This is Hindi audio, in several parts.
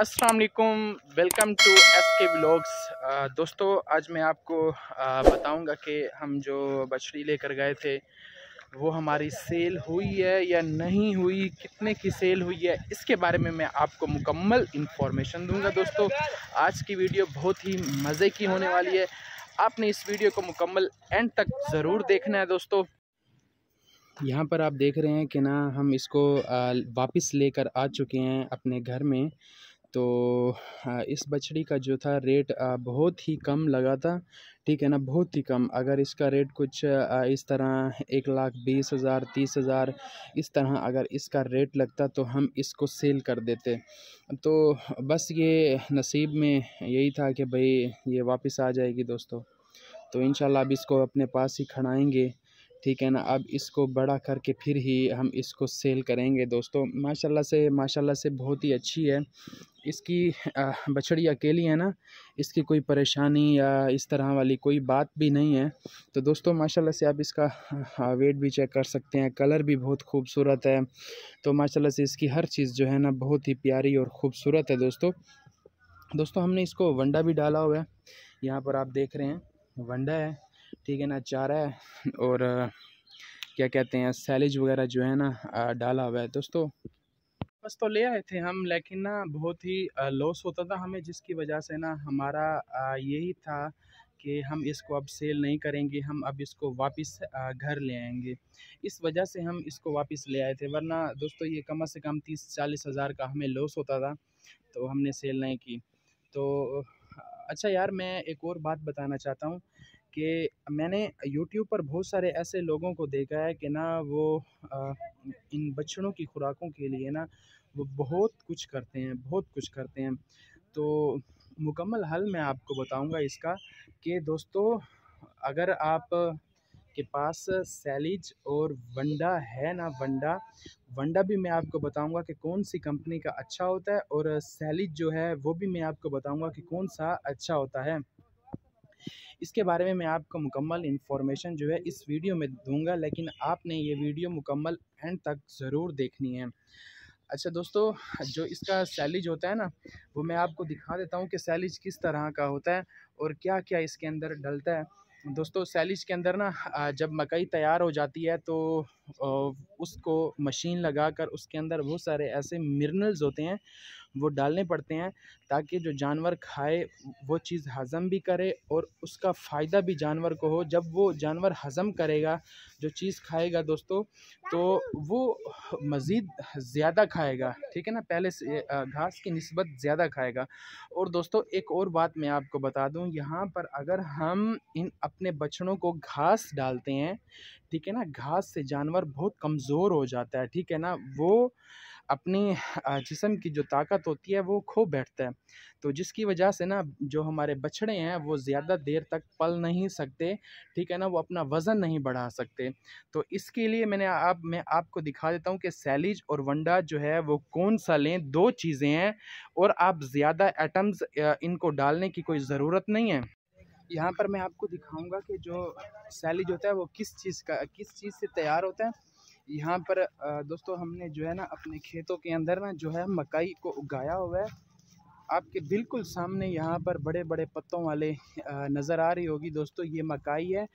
अस्सलाम वालेकुम welcome to S K vlogs दोस्तों आज मैं आपको बताऊंगा कि हम जो बछड़ी लेकर गए थे वो हमारी सेल हुई है या नहीं हुई कितने की सेल हुई है इसके बारे में मैं आपको मुकम्मल इन्फॉर्मेशन दूंगा दोस्तों आज की वीडियो बहुत ही मज़े की होने वाली है आपने इस वीडियो को मुकम्मल एंड तक ज़रूर देखना है दोस्तों यहाँ पर आप देख रहे हैं कि ना हम इसको वापस लेकर आ चुके हैं अपने घर में तो हाँ, इस बछड़ी का जो था रेट बहुत ही कम लगा था ठीक है ना बहुत ही कम अगर इसका रेट कुछ इस तरह एक लाख बीस हज़ार तीस हज़ार इस तरह अगर इसका रेट लगता तो हम इसको सेल कर देते तो बस ये नसीब में यही था कि भाई ये वापस आ जाएगी दोस्तों तो इन अब इसको अपने पास ही खड़ाएँगे ठीक है ना अब इसको बड़ा करके फिर ही हम इसको सेल करेंगे दोस्तों माशाल्लाह से माशाल्लाह से बहुत ही अच्छी है इसकी बछड़ी अकेली है ना इसकी कोई परेशानी या इस तरह वाली कोई बात भी नहीं है तो दोस्तों माशाल्लाह से आप इसका वेट भी चेक कर सकते हैं कलर भी बहुत खूबसूरत है तो माशाल्लाह से इसकी हर चीज़ जो है ना बहुत ही प्यारी और ख़ूबसूरत है दोस्तों दोस्तों हमने इसको वंडा भी डाला हुआ है यहाँ पर आप देख रहे हैं वंडा है ठीक है ना चारा है और क्या कहते हैं सैलेज वगैरह जो है ना डाला हुआ है दोस्तों वापस तो ले आए थे हम लेकिन ना बहुत ही लॉस होता था हमें जिसकी वजह से ना हमारा यही था कि हम इसको अब सेल नहीं करेंगे हम अब इसको वापस घर ले आएंगे इस वजह से हम इसको वापस ले आए थे वरना दोस्तों ये कम से कम तीस चालीस हज़ार का हमें लॉस होता था तो हमने सेल नहीं की तो अच्छा यार मैं एक और बात बताना चाहता हूँ कि मैंने यूट्यूब पर बहुत सारे ऐसे लोगों को देखा है कि ना वो आ, इन बछड़ों की खुराकों के लिए ना वो बहुत कुछ करते हैं बहुत कुछ करते हैं तो मुकम्मल हल मैं आपको बताऊंगा इसका कि दोस्तों अगर आप के पास सैलिज और वंडा है ना वंडा वंडा भी मैं आपको बताऊंगा कि कौन सी कंपनी का अच्छा होता है और सैलिज जो है वो भी मैं आपको बताऊंगा कि कौन सा अच्छा होता है इसके बारे में मैं आपको मुकम्मल इन्फॉर्मेशन जो है इस वीडियो में दूंगा लेकिन आपने ये वीडियो मुकम्मल एंड तक ज़रूर देखनी है अच्छा दोस्तों जो इसका सैलिज होता है ना वो मैं आपको दिखा देता हूँ कि सैलिज किस तरह का होता है और क्या क्या इसके अंदर डलता है दोस्तों सैलिज के अंदर ना जब मकई तैयार हो जाती है तो उसको मशीन लगा कर उसके अंदर बहुत सारे ऐसे मिनरल्स होते हैं वो डालने पड़ते हैं ताकि जो जानवर खाए वो चीज़ हज़म भी करे और उसका फ़ायदा भी जानवर को हो जब वो जानवर हज़म करेगा जो चीज़ खाएगा दोस्तों तो वो मज़ीद ज़्यादा खाएगा ठीक है ना पहले से घास की नस्बत ज़्यादा खाएगा और दोस्तों एक और बात मैं आपको बता दूँ यहाँ पर अगर हम इन अपने बछड़ों को घास डालते हैं ठीक है ना घास से जानवर बहुत कमज़ोर हो जाता है ठीक है ना वो अपनी जिसम की जो ताकत होती है वो खो बैठता है तो जिसकी वजह से ना जो हमारे बछड़े हैं वो ज़्यादा देर तक पल नहीं सकते ठीक है ना वो अपना वज़न नहीं बढ़ा सकते तो इसके लिए मैंने आप मैं आपको दिखा देता हूँ कि सैलिज और वंडा जो है वो कौन सा लें दो चीज़ें हैं और आप ज़्यादा एटम्स इनको डालने की कोई ज़रूरत नहीं है यहाँ पर मैं आपको दिखाऊंगा कि जो सैलिज होता है वो किस चीज़ का किस चीज़ से तैयार होता है यहाँ पर दोस्तों हमने जो है ना अपने खेतों के अंदर ना जो है मकई को उगाया हुआ है आपके बिल्कुल सामने यहाँ पर बड़े बड़े पत्तों वाले नज़र आ रही होगी दोस्तों ये मकाई है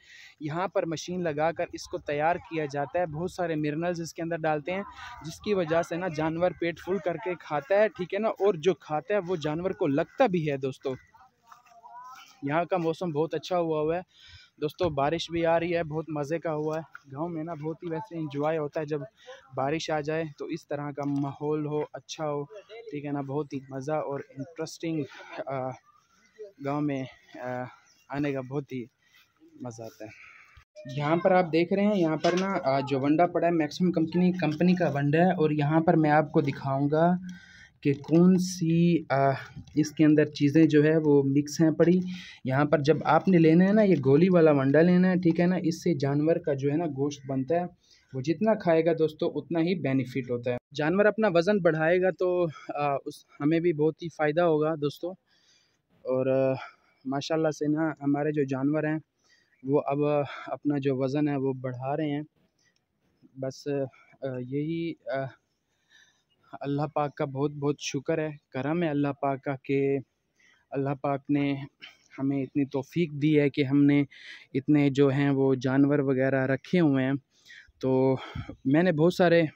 यहाँ पर मशीन लगाकर इसको तैयार किया जाता है बहुत सारे मिनरल्स इसके अंदर डालते हैं जिसकी वजह से ना जानवर पेट फुल करके खाता है ठीक है ना और जो खाता है वो जानवर को लगता भी है दोस्तों यहाँ का मौसम बहुत अच्छा हुआ हुआ है दोस्तों बारिश भी आ रही है बहुत मज़े का हुआ है गांव में ना बहुत ही वैसे इंजॉय होता है जब बारिश आ जाए तो इस तरह का माहौल हो अच्छा हो ठीक है ना बहुत ही मज़ा और इंटरेस्टिंग गांव में आ, आने का बहुत ही मज़ा आता है यहाँ पर आप देख रहे हैं यहाँ पर ना जो वंडा पड़ा है मैक्सिमम कंपनी कंपनी का वंडा है और यहाँ पर मैं आपको दिखाऊँगा कि कौन सी आ, इसके अंदर चीज़ें जो है वो मिक्स हैं पड़ी यहाँ पर जब आपने लेना है ना ये गोली वाला वंडा लेना है ठीक है ना इससे जानवर का जो है ना गोश्त बनता है वो जितना खाएगा दोस्तों उतना ही बेनिफिट होता है जानवर अपना वज़न बढ़ाएगा तो आ, उस हमें भी बहुत ही फ़ायदा होगा दोस्तों और माशाला से ना हमारे जो जानवर हैं वो अब अपना जो वज़न है वो बढ़ा रहे हैं बस यही अल्लाह पाक का बहुत बहुत शुक्र है करम है अल्लाह पाक का कि अल्लाह पाक ने हमें इतनी तोफ़ी दी है कि हमने इतने जो हैं वो जानवर वगैरह रखे हुए हैं तो मैंने बहुत सारे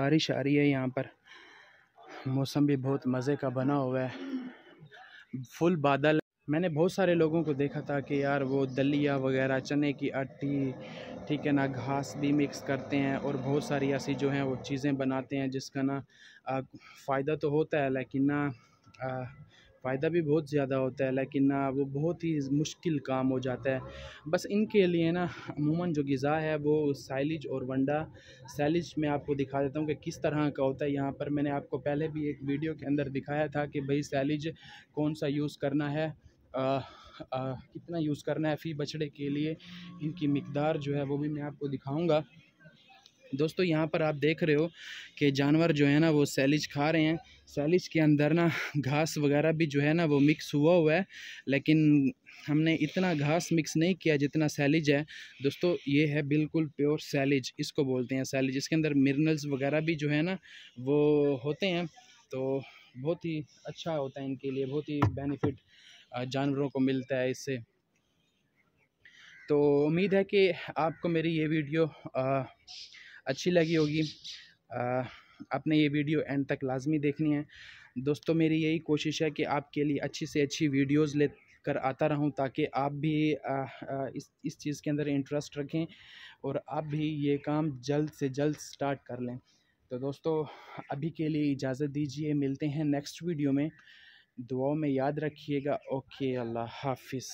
बारिश आ रही है यहाँ पर मौसम भी बहुत मज़े का बना हुआ है फुल बादल मैंने बहुत सारे लोगों को देखा था कि यार वो दलिया वगैरह चने की आटी ठीक है ना घास भी मिक्स करते हैं और बहुत सारी ऐसी जो हैं वो चीज़ें बनाते हैं जिसका ना फ़ायदा तो होता है लेकिन ना फ़ायदा भी बहुत ज़्यादा होता है लेकिन ना वो बहुत ही मुश्किल काम हो जाता है बस इनके लिए ना अमूमन जो गज़ा है वो सैलिज और वंडा सैलिज मैं आपको दिखा देता हूँ कि किस तरह का होता है यहाँ पर मैंने आपको पहले भी एक वीडियो के अंदर दिखाया था कि भाई सैलिज कौन सा यूज़ करना है आ, कितना यूज़ करना है फ़ी बछड़े के लिए इनकी मकदार जो है वो भी मैं आपको दिखाऊँगा दोस्तों यहाँ पर आप देख रहे हो कि जानवर जो है ना वो सैलिज खा रहे हैं सैलिज के अंदर ना घास वगैरह भी जो है ना वो मिक्स हुआ हुआ है लेकिन हमने इतना घास मिक्स नहीं किया जितना सैलिज है दोस्तों ये है बिल्कुल प्योर सैलिज इसको बोलते हैं सैलिज इसके अंदर मिनरल्स वगैरह भी जो है ना वो होते हैं तो बहुत ही अच्छा होता है इनके लिए बहुत ही बेनिफिट जानवरों को मिलता है इससे तो उम्मीद है कि आपको मेरी ये वीडियो आ, अच्छी लगी होगी आपने ये वीडियो एंड तक लाजमी देखनी है दोस्तों मेरी यही कोशिश है कि आपके लिए अच्छी से अच्छी वीडियोस ले कर आता रहूं ताकि आप भी आ, आ, इस इस चीज़ के अंदर इंटरेस्ट रखें और आप भी ये काम जल्द से जल्द स्टार्ट कर लें तो दोस्तों अभी के लिए इजाज़त दीजिए मिलते हैं नेक्स्ट वीडियो में दुआओं में याद रखिएगा ओके अल्लाह हाफिज़